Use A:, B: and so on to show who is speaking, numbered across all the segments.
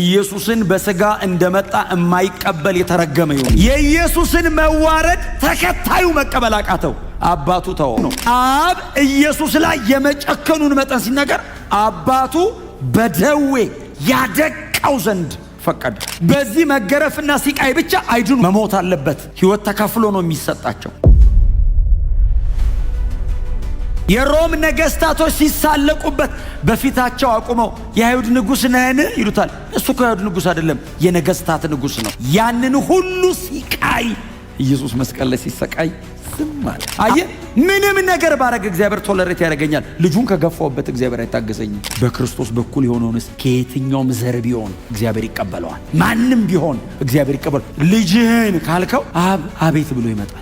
A: ኢየሱስን በስጋ እንደመጣ የማይቀበል የተረገመ ይሁን። የኢየሱስን መዋረድ ተከታዩ መቀበል አቃተው። አባቱ ተወ ነው። አብ ኢየሱስ ላይ የመጨከኑን መጠን ሲነገር አባቱ በደዌ ያደቃው ዘንድ ፈቀደ። በዚህ መገረፍና ሲቃይ ብቻ አይድኑ፣ መሞት አለበት። ሕይወት ተከፍሎ ነው የሚሰጣቸው። የሮም ነገስታቶች ሲሳለቁበት በፊታቸው አቁመው የአይሁድ ንጉሥ ነህን ይሉታል። እሱ ከአይሁድ ንጉሥ አይደለም፣ የነገስታት ንጉሥ ነው። ያንን ሁሉ ሲቃይ ኢየሱስ መስቀል ላይ ሲሰቃይ ዝም አለ። ምንም ነገር ባረግ እግዚአብሔር ቶለሬት ያደርገኛል። ልጁን ከገፋውበት እግዚአብሔር አይታገሰኝም። በክርስቶስ በኩል የሆነውንስ ከየትኛውም ዘር ቢሆን እግዚአብሔር ይቀበለዋል። ማንም ቢሆን እግዚአብሔር ይቀበለዋል። ልጅህን ካልከው አብ አቤት ብሎ ይመጣል።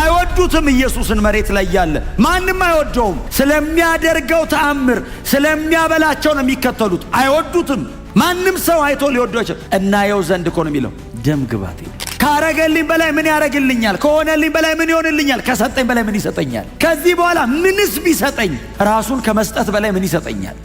A: አይወዱትም። ኢየሱስን መሬት ላይ ያለ ማንም አይወደውም። ስለሚያደርገው ተአምር፣ ስለሚያበላቸው ነው የሚከተሉት። አይወዱትም። ማንም ሰው አይቶ ሊወደው አይችልም። እናየው ዘንድ እኮ ነው የሚለው ደም ግባት ካረገልኝ በላይ ምን ያደረግልኛል? ከሆነልኝ በላይ ምን ይሆንልኛል? ከሰጠኝ በላይ ምን ይሰጠኛል? ከዚህ በኋላ ምንስ ቢሰጠኝ ራሱን ከመስጠት በላይ ምን ይሰጠኛል?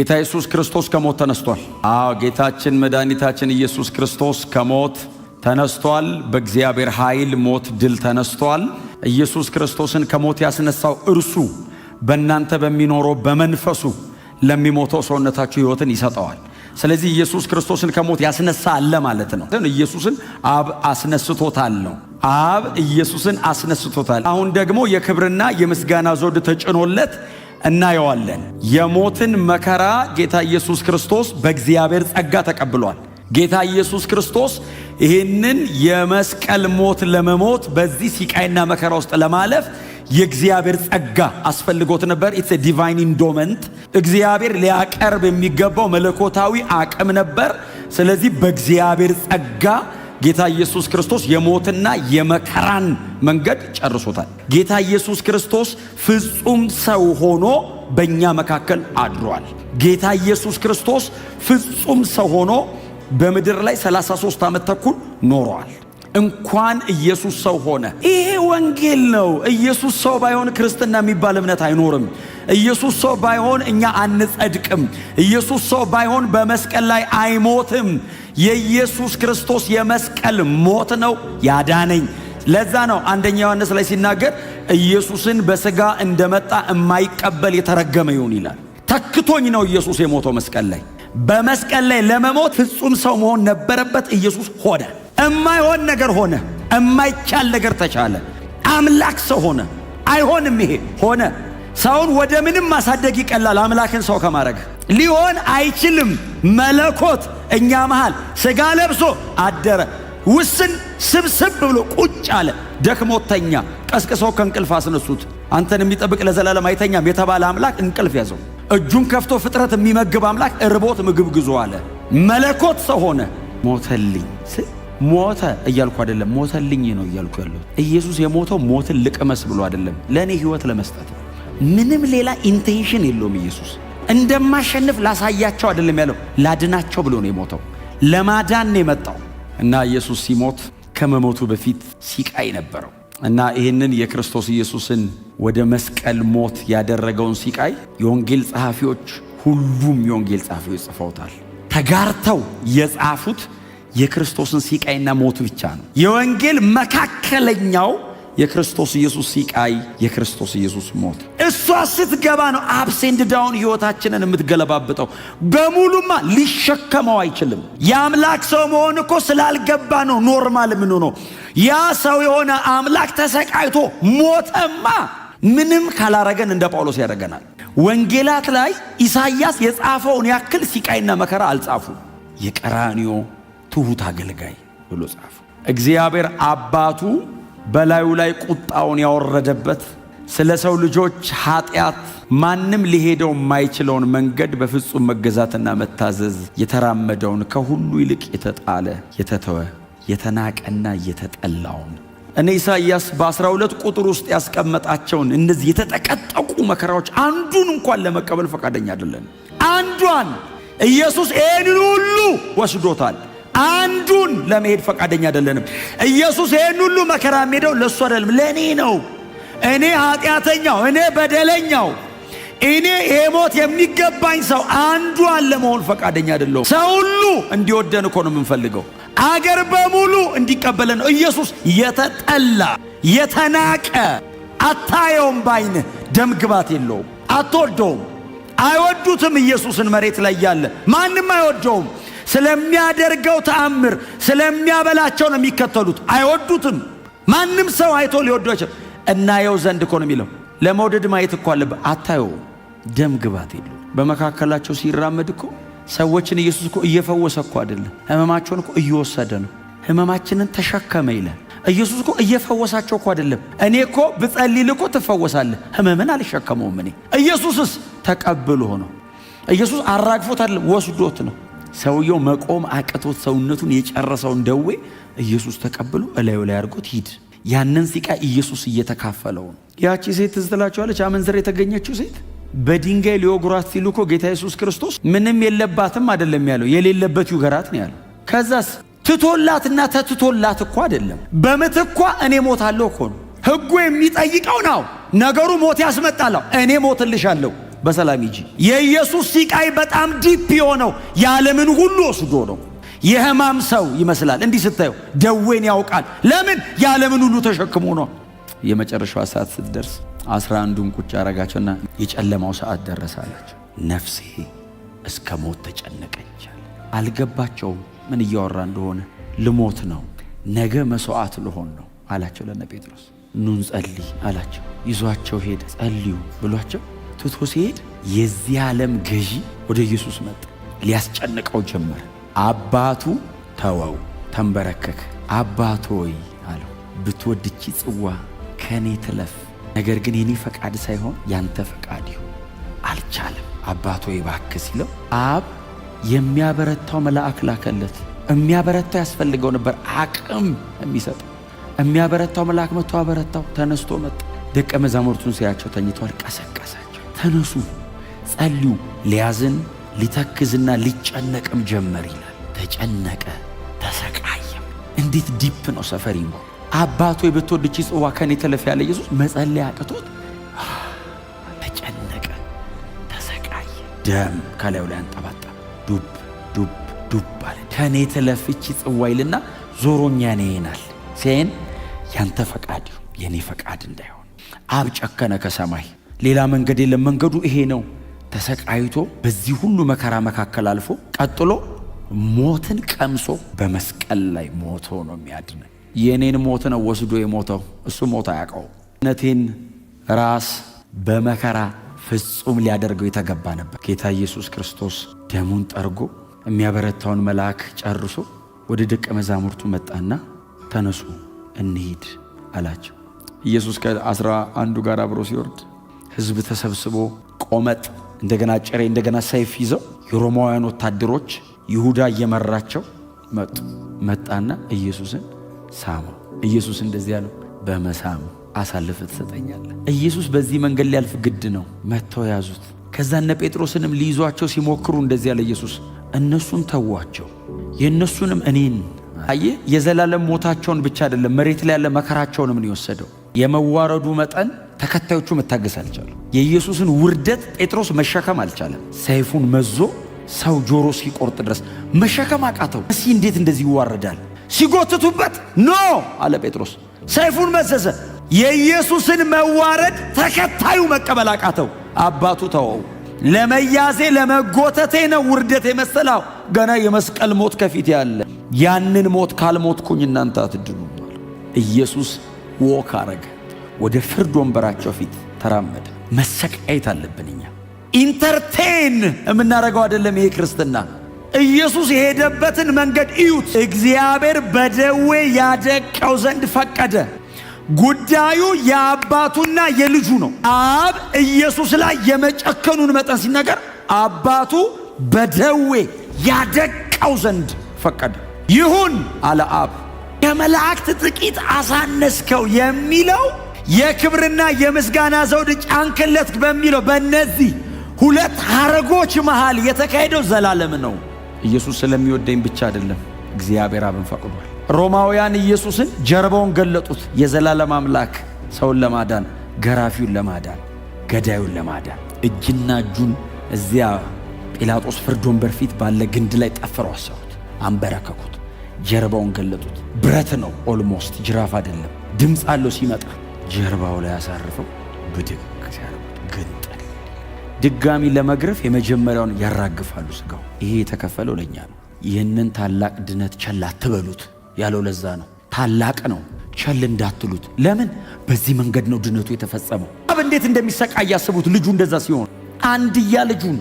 A: ጌታ ኢየሱስ ክርስቶስ ከሞት ተነስቷል። አዎ ጌታችን መድኃኒታችን ኢየሱስ ክርስቶስ ከሞት ተነስቷል። በእግዚአብሔር ኃይል ሞት ድል ተነስቷል። ኢየሱስ ክርስቶስን ከሞት ያስነሳው እርሱ በእናንተ በሚኖረው በመንፈሱ ለሚሞተው ሰውነታችሁ ሕይወትን ይሰጠዋል። ስለዚህ ኢየሱስ ክርስቶስን ከሞት ያስነሳ አለ ማለት ነው። ኢየሱስን አብ አስነስቶታል ነው። አብ ኢየሱስን አስነስቶታል። አሁን ደግሞ የክብርና የምስጋና ዘውድ ተጭኖለት እናየዋለን። የሞትን መከራ ጌታ ኢየሱስ ክርስቶስ በእግዚአብሔር ጸጋ ተቀብሏል። ጌታ ኢየሱስ ክርስቶስ ይህንን የመስቀል ሞት ለመሞት በዚህ ሲቃይና መከራ ውስጥ ለማለፍ የእግዚአብሔር ጸጋ አስፈልጎት ነበር። ኢትስ ዲቫይን ኢንዶመንት እግዚአብሔር ሊያቀርብ የሚገባው መለኮታዊ አቅም ነበር። ስለዚህ በእግዚአብሔር ጸጋ ጌታ ኢየሱስ ክርስቶስ የሞትና የመከራን መንገድ ጨርሶታል። ጌታ ኢየሱስ ክርስቶስ ፍጹም ሰው ሆኖ በእኛ መካከል አድሯል። ጌታ ኢየሱስ ክርስቶስ ፍጹም ሰው ሆኖ በምድር ላይ 33 ዓመት ተኩል ኖሯል። እንኳን ኢየሱስ ሰው ሆነ። ይሄ ወንጌል ነው። ኢየሱስ ሰው ባይሆን ክርስትና የሚባል እምነት አይኖርም። ኢየሱስ ሰው ባይሆን እኛ አንጸድቅም። ኢየሱስ ሰው ባይሆን በመስቀል ላይ አይሞትም። የኢየሱስ ክርስቶስ የመስቀል ሞት ነው ያዳነኝ። ለዛ ነው አንደኛ ዮሐንስ ላይ ሲናገር ኢየሱስን በሥጋ እንደመጣ የማይቀበል የተረገመ ይሁን ይላል። ተክቶኝ ነው ኢየሱስ የሞተው መስቀል ላይ። በመስቀል ላይ ለመሞት ፍጹም ሰው መሆን ነበረበት። ኢየሱስ ሆነ። እማይሆን ነገር ሆነ። እማይቻል ነገር ተቻለ። አምላክ ሰው ሆነ። አይሆንም ይሄ ሆነ። ሰውን ወደ ምንም ማሳደግ ይቀላል አምላክን ሰው ከማድረግ ሊሆን አይችልም። መለኮት እኛ መሃል ሥጋ ለብሶ አደረ። ውስን ስብስብ ብሎ ቁጭ አለ። ደክሞተኛ ቀስቅሶ ከእንቅልፍ አስነሱት። አንተን የሚጠብቅ ለዘላለም አይተኛም የተባለ አምላክ እንቅልፍ ያዘው። እጁን ከፍቶ ፍጥረት የሚመግብ አምላክ እርቦት ምግብ ግዞ አለ። መለኮት ሰው ሆነ። ሞተልኝ ሞተ እያልኩ አይደለም፣ ሞተልኝ ነው እያልኩ ያለሁት። ኢየሱስ የሞተው ሞትን ልቅመስ ብሎ አይደለም፣ ለእኔ ህይወት ለመስጠት ምንም ሌላ ኢንቴንሽን የለውም ኢየሱስ እንደማሸንፍ ላሳያቸው አይደለም ያለው፣ ላድናቸው ብሎ ነው የሞተው። ለማዳን ነው የመጣው እና ኢየሱስ ሲሞት ከመሞቱ በፊት ሲቃይ ነበረው እና ይህንን የክርስቶስ ኢየሱስን ወደ መስቀል ሞት ያደረገውን ሲቃይ የወንጌል ጸሐፊዎች፣ ሁሉም የወንጌል ጸሐፊዎች ጽፈውታል። ተጋርተው የጻፉት የክርስቶስን ሲቃይና ሞቱ ብቻ ነው። የወንጌል መካከለኛው የክርስቶስ ኢየሱስ ሲቃይ፣ የክርስቶስ ኢየሱስ ሞት እሷ ስትገባ ነው አብሴንድ ዳውን ህይወታችንን የምትገለባብጠው። በሙሉማ ሊሸከመው አይችልም። የአምላክ ሰው መሆን እኮ ስላልገባ ነው ኖርማል የምንሆነው። ያ ሰው የሆነ አምላክ ተሰቃይቶ ሞተማ። ምንም ካላረገን እንደ ጳውሎስ ያደረገናል። ወንጌላት ላይ ኢሳይያስ የጻፈውን ያክል ሲቃይና መከራ አልጻፉም። የቀራኒዮ ትሑት አገልጋይ ብሎ ጻፉ። እግዚአብሔር አባቱ በላዩ ላይ ቁጣውን ያወረደበት ስለ ሰው ልጆች ኃጢአት ማንም ሊሄደው የማይችለውን መንገድ በፍጹም መገዛትና መታዘዝ የተራመደውን ከሁሉ ይልቅ የተጣለ የተተወ የተናቀና የተጠላውን እኔ ኢሳይያስ በ12 ቁጥር ውስጥ ያስቀመጣቸውን እነዚህ የተጠቀጠቁ መከራዎች አንዱን እንኳን ለመቀበል ፈቃደኛ አይደለን። አንዷን ኢየሱስ ይህንን ሁሉ ወስዶታል። አንዱን ለመሄድ ፈቃደኛ አይደለንም። ኢየሱስ ይህን ሁሉ መከራ የሚሄደው ለእሱ አይደለም፣ ለእኔ ነው። እኔ ኃጢአተኛው፣ እኔ በደለኛው፣ እኔ ይሄ ሞት የሚገባኝ ሰው አንዱ ለመሆን ፈቃደኛ አይደለሁም። ሰው ሁሉ እንዲወደን እኮ ነው የምንፈልገው። አገር በሙሉ እንዲቀበለን ነው። ኢየሱስ የተጠላ የተናቀ፣ አታየውም፣ ደም ግባት የለውም፣ አትወደውም። አይወዱትም ኢየሱስን መሬት ላይ ያለ ማንም አይወደውም። ስለሚያደርገው ተአምር ስለሚያበላቸው ነው የሚከተሉት። አይወዱትም። ማንም ሰው አይቶ ሊወዱ አይችል። እናየው ዘንድ እኮ ነው የሚለው። ለመውደድ ማየት እኮ አለብህ። አታየው፣ ደም ግባት የለ። በመካከላቸው ሲራመድ እኮ ሰዎችን ኢየሱስ እኮ እየፈወሰ እኮ አይደለም፣ ህመማቸውን እኮ እየወሰደ ነው። ህመማችንን ተሸከመ ይላል ኢየሱስ እኮ እየፈወሳቸው እኮ አይደለም። እኔ እኮ ብጸልል እኮ ትፈወሳለህ፣ ህመምን አልሸከመውም። እኔ ኢየሱስስ ተቀብሎ ነው። ኢየሱስ አራግፎት አይደለም፣ ወስዶት ነው። ሰውየው መቆም አቅቶት ሰውነቱን የጨረሰውን ደዌ ኢየሱስ ተቀብሎ እላዩ ላይ አድርጎት ሂድ። ያንን ሲቃ ኢየሱስ እየተካፈለው ነው። ያቺ ሴት ትዝ ትላችኋለች፣ የተገኘችው ሴት በድንጋይ ሊወግሯት ሲሉ እኮ ጌታ ኢየሱስ ክርስቶስ ምንም የለባትም አይደለም ያለው፣ የሌለበት ይውገራት ነው ያለው። ከዛስ ትቶላትና ተትቶላት እኮ አይደለም፣ በምትኳ እኔ ሞታለሁ እኮ ነው ህጉ የሚጠይቀው ነው። ነገሩ ሞት ያስመጣለሁ። እኔ ሞትልሻለሁ በሰላም ሂጂ። የኢየሱስ ሲቃይ በጣም ዲፕ የሆነው የዓለምን ሁሉ ወስዶ ነው። የህማም ሰው ይመስላል እንዲህ ስታየው፣ ደዌን ያውቃል። ለምን የዓለምን ሁሉ ተሸክሞ ነው። የመጨረሻዋ ሰዓት ስትደርስ አስራ አንዱን ቁጭ አረጋቸውና የጨለማው ሰዓት ደረሰ አላቸው። ነፍሴ እስከ ሞት ተጨነቀች። አልገባቸውም ምን እያወራ እንደሆነ። ልሞት ነው ነገ መስዋዕት ልሆን ነው አላቸው ለነ ጴጥሮስ። ኑን ጸልይ አላቸው። ይዟቸው ሄደ። ጸልዩ ብሏቸው ትቶ ሲሄድ የዚህ ዓለም ገዢ ወደ ኢየሱስ መጣ፣ ሊያስጨንቀው ጀመረ። አባቱ ተወው፣ ተንበረከከ። አባቶ ሆይ አለው፣ ብትወድቺ ጽዋ ከእኔ ትለፍ፣ ነገር ግን የኔ ፈቃድ ሳይሆን ያንተ ፈቃድ ይሁን። አልቻለም። አባቶ ሆይ እባክህ ሲለው አብ የሚያበረታው መልአክ ላከለት። የሚያበረታው ያስፈልገው ነበር፣ አቅም የሚሰጠው የሚያበረታው መልአክ መጥቶ አበረታው። ተነስቶ መጣ። ደቀ መዛሙርቱን ሲያቸው ተኝተዋል፣ ቀሰቀሰ። ተነሱ፣ ጸልዩ። ሊያዝን ሊተክዝና ሊጨነቅም ጀመር ይላል። ተጨነቀ፣ ተሰቃየም። እንዴት ዲፕ ነው ሰፈሪንጎ አባቱ የብትወድቺ ጽዋ ከኔ ተለፍ ያለ ኢየሱስ መጸለይ አቅቶት ተጨነቀ፣ ተሰቃየ። ደም ከላዩ ላይ አንጠባጣ ዱብ ዱብ ዱብ አለ። ከኔ ተለፍ ጽዋ ይልና ዞሮኛ ኔ ይናል ሴን ያንተ ፈቃድ የኔ ፈቃድ እንዳይሆን አብ ጨከነ ከሰማይ ሌላ መንገድ የለም። መንገዱ ይሄ ነው። ተሰቃይቶ በዚህ ሁሉ መከራ መካከል አልፎ ቀጥሎ ሞትን ቀምሶ በመስቀል ላይ ሞቶ ነው የሚያድነ። የእኔን ሞት ነው ወስዶ የሞተው እሱ ሞት አያውቀው። እነቴን ራስ በመከራ ፍጹም ሊያደርገው የተገባ ነበር። ጌታ ኢየሱስ ክርስቶስ ደሙን ጠርጎ የሚያበረታውን መልአክ ጨርሶ ወደ ደቀ መዛሙርቱ መጣና ተነሱ እንሂድ አላቸው። ኢየሱስ ከአስራ አንዱ ጋር አብሮ ሲወርድ ህዝብ ተሰብስቦ ቆመጥ፣ እንደገና ጭሬ፣ እንደገና ሰይፍ ይዘው የሮማውያን ወታደሮች ይሁዳ እየመራቸው መጡ። መጣና ኢየሱስን ሳመው። ኢየሱስ እንደዚህ ያለው በመሳም አሳልፈ ትሰጠኛለህ። ኢየሱስ በዚህ መንገድ ሊያልፍ ግድ ነው። መጥተው ያዙት። ከዛ እነ ጴጥሮስንም ሊይዟቸው ሲሞክሩ እንደዚህ ያለ ኢየሱስ እነሱን ተዋቸው፣ የእነሱንም እኔን አየ። የዘላለም ሞታቸውን ብቻ አይደለም መሬት ላይ ያለ መከራቸውንም ነው የወሰደው። የመዋረዱ መጠን ተከታዮቹ መታገስ አልቻሉ። የኢየሱስን ውርደት ጴጥሮስ መሸከም አልቻለም። ሰይፉን መዞ ሰው ጆሮ ሲቆርጥ ድረስ መሸከም አቃተው። እሲ እንዴት እንደዚህ ይዋረዳል? ሲጎትቱበት ኖ አለ ጴጥሮስ። ሰይፉን መዘዘ። የኢየሱስን መዋረድ ተከታዩ መቀበል አቃተው። አባቱ ተወው። ለመያዜ ለመጎተቴ ነው ውርደት የመሰላው። ገና የመስቀል ሞት ከፊት ያለ ያንን ሞት ካልሞትኩኝ እናንተ አትድኑ። ኢየሱስ ወክ አረገ። ወደ ፍርድ ወንበራቸው ፊት ተራመደ። መሰቃየት አለብን እኛ። ኢንተርቴን የምናደርገው አይደለም ይሄ ክርስትና። ኢየሱስ የሄደበትን መንገድ እዩት። እግዚአብሔር በደዌ ያደቀው ዘንድ ፈቀደ። ጉዳዩ የአባቱና የልጁ ነው። አብ ኢየሱስ ላይ የመጨከኑን መጠን ሲነገር አባቱ በደዌ ያደቀው ዘንድ ፈቀደ። ይሁን አለ አብ። ከመላእክት ጥቂት አሳነስከው የሚለው የክብርና የምስጋና ዘውድ ጫንክለት በሚለው በእነዚህ ሁለት ሐረጎች መሃል የተካሄደው ዘላለም ነው። ኢየሱስ ስለሚወደኝ ብቻ አይደለም፣ እግዚአብሔር አብን ፈቅዷል። ሮማውያን ኢየሱስን ጀርባውን ገለጡት። የዘላለም አምላክ ሰውን ለማዳን ገራፊውን ለማዳን ገዳዩን ለማዳን እጅና እጁን እዚያ ጲላጦስ ፍርድ ወንበር ፊት ባለ ግንድ ላይ ጠፍረው አሰሩት፣ አንበረከኩት። ጀርባውን ገለጡት። ብረት ነው ኦልሞስት ጅራፍ አይደለም። ድምፅ አለው ሲመጣ ጀርባው ላይ አሳርፈው ብድግ ሲያደርጉት ግንጥል ድጋሚ ለመግረፍ የመጀመሪያውን ያራግፋሉ። ስጋው ይሄ የተከፈለው ለእኛ ነው። ይህንን ታላቅ ድነት ቸል አትበሉት ያለው ለዛ ነው። ታላቅ ነው፣ ቸል እንዳትሉት። ለምን በዚህ መንገድ ነው ድነቱ የተፈጸመው። አብ እንዴት እንደሚሰቃ እያስቡት ልጁ እንደዛ ሲሆን አንድያ ልጁን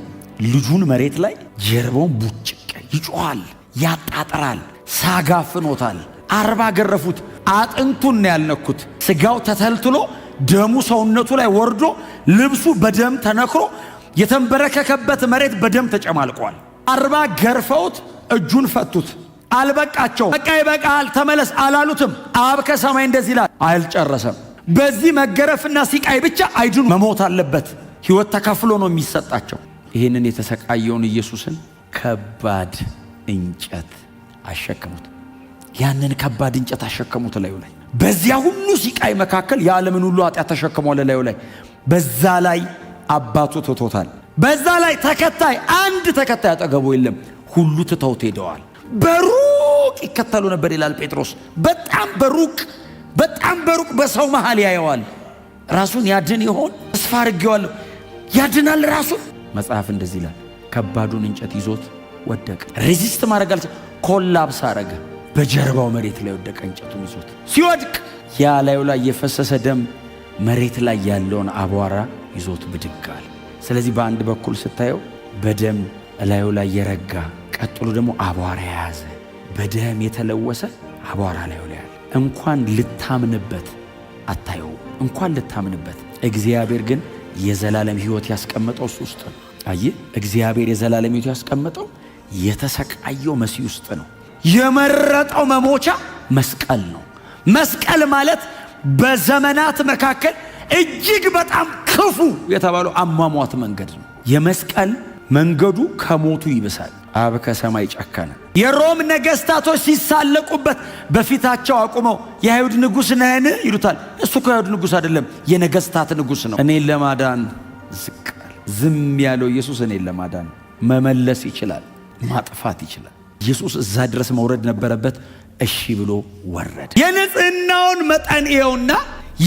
A: ልጁን መሬት ላይ ጀርባውን ቡጭቅ ይጮኋል፣ ያጣጥራል ሳጋፍኖታል አርባ ገረፉት፣ አጥንቱን ያልነኩት። ስጋው ተተልትሎ ደሙ ሰውነቱ ላይ ወርዶ ልብሱ በደም ተነክሮ የተንበረከከበት መሬት በደም ተጨማልቋል። አርባ ገርፈውት እጁን ፈቱት። አልበቃቸው። በቃ ይበቃል ተመለስ አላሉትም። አብ ከሰማይ እንደዚህ ይላል፣ አልጨረሰም። በዚህ መገረፍና ሲቃይ ብቻ አይድኑ፣ መሞት አለበት። ሕይወት ተከፍሎ ነው የሚሰጣቸው። ይህንን የተሰቃየውን ኢየሱስን ከባድ እንጨት አሸከሙት። ያንን ከባድ እንጨት አሸከሙት ላዩ ላይ። በዚያ ሁሉ ሲቃይ መካከል የዓለምን ሁሉ ኃጢአት ተሸክሟል ላዩ ላይ። በዛ ላይ አባቱ ትቶታል። በዛ ላይ ተከታይ አንድ ተከታይ አጠገቡ የለም። ሁሉ ትተውት ሄደዋል። በሩቅ ይከተሉ ነበር ይላል ጴጥሮስ። በጣም በሩቅ በጣም በሩቅ በሰው መሃል ያየዋል። ራሱን ያድን ይሆን? ተስፋ አድርጌዋለሁ። ያድናል ራሱን። መጽሐፍ እንደዚህ ይላል፣ ከባዱን እንጨት ይዞት ወደቀ። ሬዚስት ማድረግ አልቻለም። ኮላብስ አረገ። በጀርባው መሬት ላይ ወደቀ፣ እንጨቱን ይዞት ሲወድቅ ያ ላዩ ላይ የፈሰሰ ደም መሬት ላይ ያለውን አቧራ ይዞት ብድግ አለ። ስለዚህ በአንድ በኩል ስታየው በደም እላዩ ላይ የረጋ ቀጥሎ ደግሞ አቧራ የያዘ በደም የተለወሰ አቧራ ላዩ ላይ ያለ እንኳን ልታምንበት አታየው፣ እንኳን ልታምንበት። እግዚአብሔር ግን የዘላለም ሕይወት ያስቀመጠው እሱ ውስጥ ነው። አየ እግዚአብሔር የዘላለም ሕይወት ያስቀመጠው የተሰቃየው መሲህ ውስጥ ነው። የመረጠው መሞቻ መስቀል ነው። መስቀል ማለት በዘመናት መካከል እጅግ በጣም ክፉ የተባለው አሟሟት መንገድ ነው። የመስቀል መንገዱ ከሞቱ ይብሳል። አብ ከሰማይ ጨከነ። የሮም ነገሥታቶች ሲሳለቁበት በፊታቸው አቁመው የአይሁድ ንጉሥ ነህን ይሉታል። እሱ ከአይሁድ ንጉሥ አይደለም፣ የነገሥታት ንጉሥ ነው። እኔን ለማዳን ዝቃል። ዝም ያለው ኢየሱስ እኔን ለማዳን መመለስ ይችላል። ማጥፋት ይችላል። ኢየሱስ እዛ ድረስ መውረድ ነበረበት። እሺ ብሎ ወረደ። የንጽህናውን መጠን ይኸውና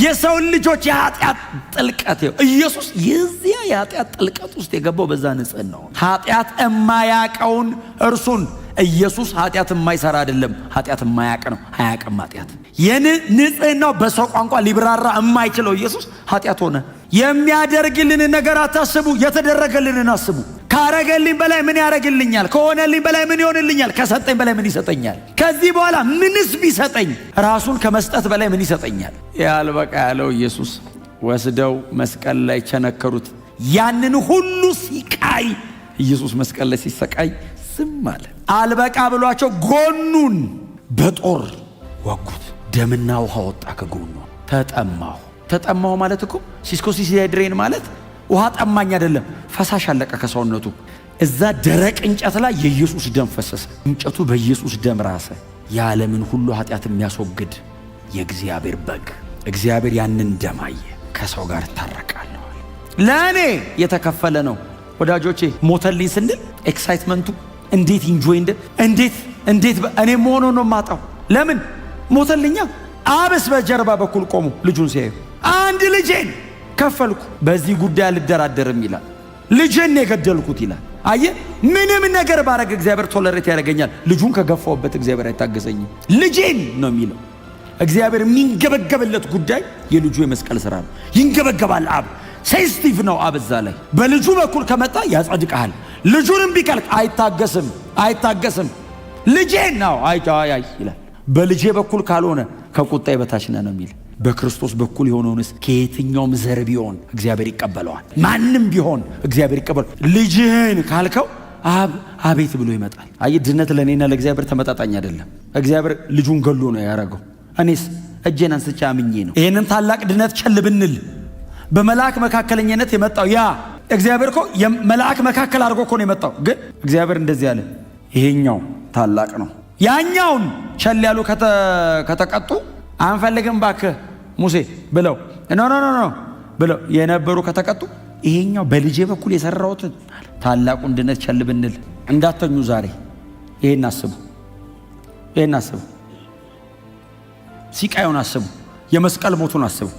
A: የሰውን ልጆች የኃጢአት ጥልቀት ይኸው። ኢየሱስ የዚያ የኃጢአት ጥልቀት ውስጥ የገባው በዛ ንጽህናው ኃጢአት የማያቀውን እርሱን ኢየሱስ ኃጢአት የማይሰራ አይደለም፣ ኃጢአት የማያቅ ነው። አያቅም ኃጢአት የንጽህናው በሰው ቋንቋ ሊብራራ የማይችለው ኢየሱስ ኃጢአት ሆነ። የሚያደርግልን ነገር አታስቡ፣ የተደረገልንን አስቡ። ካረገልኝ በላይ ምን ያረግልኛል? ከሆነልኝ በላይ ምን ይሆንልኛል? ከሰጠኝ በላይ ምን ይሰጠኛል? ከዚህ በኋላ ምንስ ቢሰጠኝ ራሱን ከመስጠት በላይ ምን ይሰጠኛል? ያልበቃ ያለው ኢየሱስ ወስደው መስቀል ላይ ቸነከሩት። ያንን ሁሉ ሲቃይ ኢየሱስ መስቀል ላይ ሲሰቃይ ዝም አለ። አልበቃ ብሏቸው ጎኑን በጦር ወጉት። ደምና ውሃ ወጣ ከጎኑ። ተጠማሁ። ተጠማሁ ማለት እኮ ሲስኮ ሲሲድሬን ማለት ውሃ ጠማኝ አይደለም፣ ፈሳሽ አለቀ ከሰውነቱ። እዛ ደረቅ እንጨት ላይ የኢየሱስ ደም ፈሰሰ። እንጨቱ በኢየሱስ ደም ራሰ። የዓለምን ሁሉ ኃጢአት የሚያስወግድ የእግዚአብሔር በግ። እግዚአብሔር ያንን ደም አየ። ከሰው ጋር እታረቃለሁ፣ ለእኔ የተከፈለ ነው። ወዳጆቼ ሞተልኝ ስንል ኤክሳይትመንቱ እንዴት ኢንጆይ እንደ እንዴት እንዴት እኔ መሆኑ ነው የማጣው። ለምን ሞተልኛ? አብስ በጀርባ በኩል ቆሙ ልጁን ሲያዩ አንድ ልጄን ከፈልኩ፣ በዚህ ጉዳይ አልደራደርም ይላል። ልጄን የገደልኩት ይላል። አየ ምንም ነገር ባረግ እግዚአብሔር ቶለሬት ያደርገኛል። ልጁን ከገፋውበት እግዚአብሔር አይታገሰኝም። ልጄን ነው የሚለው። እግዚአብሔር የሚንገበገብለት ጉዳይ የልጁ የመስቀል ስራ ነው። ይንገበገባል። አብ ሴንስቲቭ ነው። አብዛ ላይ በልጁ በኩል ከመጣ ያጸድቀሃል። ልጁንም ቢቀልቅ አይታገስም፣ አይታገስም። ልጄን ነው አይ ይላል። በልጄ በኩል ካልሆነ ከቁጣይ በታች ነው የሚል በክርስቶስ በኩል የሆነውንስ ከየትኛውም ዘር ቢሆን እግዚአብሔር ይቀበለዋል። ማንም ቢሆን እግዚአብሔር ይቀበለዋል። ልጅህን ካልከው አብ አቤት ብሎ ይመጣል። አይ ድነት ለእኔና ለእግዚአብሔር ተመጣጣኝ አይደለም። እግዚአብሔር ልጁን ገሎ ነው ያደረገው። እኔስ እጄን አንስቼ አምኜ ነው። ይህንን ታላቅ ድነት ቸል ብንል በመልአክ መካከለኛነት የመጣው ያ እግዚአብሔር እኮ የመልአክ መካከል አድርጎ እኮ ነው የመጣው። ግን እግዚአብሔር እንደዚህ አለ፣ ይሄኛው ታላቅ ነው፣ ያኛውን ቸል ያሉ ከተቀጡ አንፈልግም ባክህ ሙሴ ብለው ኖ ኖ ኖ ብለው የነበሩ ከተቀጡ ይሄኛው በልጄ በኩል የሰራሁትን ታላቁ እንድነት ቸል ብንል እንዳተኙ ዛሬ ይሄን አስቡ፣ ይሄን አስቡ፣ ሲቃዩን አስቡ፣ የመስቀል ሞቱን አስቡ።